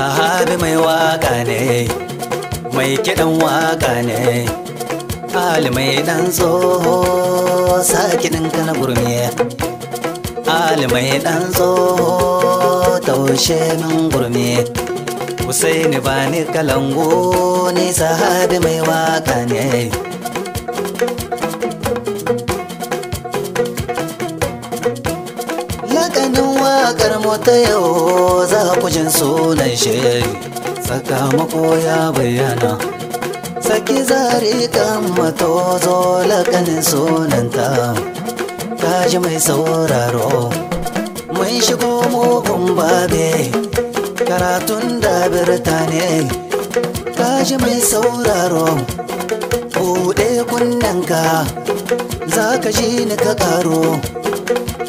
sahabi mai waka ne mai kiɗan waka ne ali mai dan tsoho sakinin kana gurmiya ali mai dan tsoho taushe min gurmiya Husaini bani kalango ne sahabi mai waka ne to yau za ku jin sunan shi sakamako ya bayyana saki zari kan mato zo lakanin sunanta ta ji mai sauraro mun shigo mugun babe karatun da birtane ta ji mai sauraro buɗe kunnanka za ka ji ni ka karo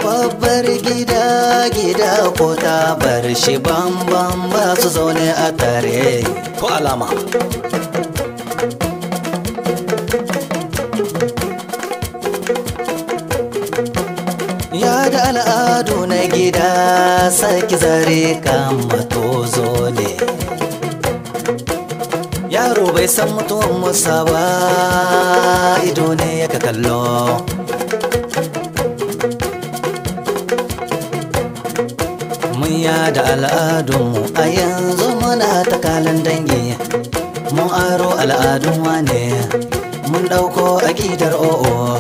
babbar gida gida ko ta bar shi bambam ba su zaune a tare ko alama ya da al'adu na gida saki zare kan zo ne yaro bai san mutuwan musa ba ido ne ya ka kallo duniya da al'adunmu a yanzu muna ta kalan dangi mun aro al'adun wane mun ɗauko aƙidar o'o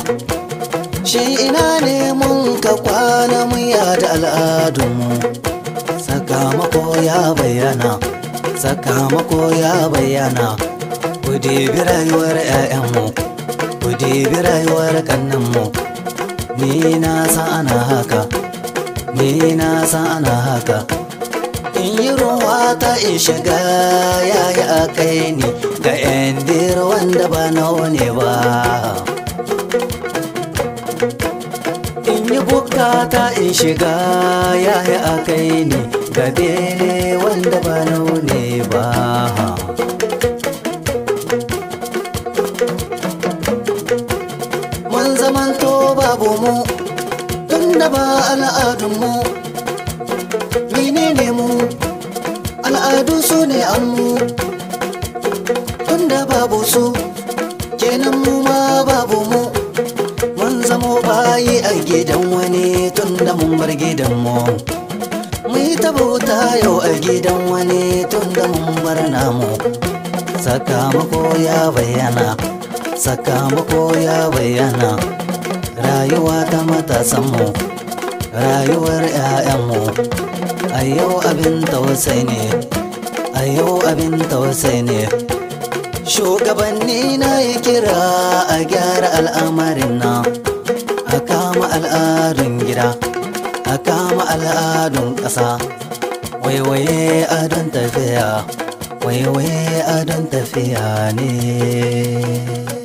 shi ina ne mun ka kwana muya da al'adunmu sakamako ya bayyana sakamako ya bayyana ku dibi rayuwar 'ya'yanmu ku dibi rayuwar kannanmu ni na san ana haka ni na san haka in yi ruwa ta in shiga yayi a kai ni ga yan wanda ba nawa ne ba in yi bukata in shiga yayi a kai ni ga bene wanda ba nawa ne ba ba al'adunmu menene mu al'adu su ne ammu tunda babu su kenan mu ma babu mu mun zamo bayi a gidan wani tunda mun bar gidanmu mu yi ta bauta yau a gidan wani tunda mun bar namu sakamako ya bayyana sakamako ya bayyana rayuwa ta matasanmu rayuwar 'ya'yanmu a yau abin tausai ne a abin tausai ne shugabanni na yi kira a gyara al'amarin na a kama al'adun gida a kama al'adun ƙasa waiwaye adon tafiya waiwaye adon tafiya ne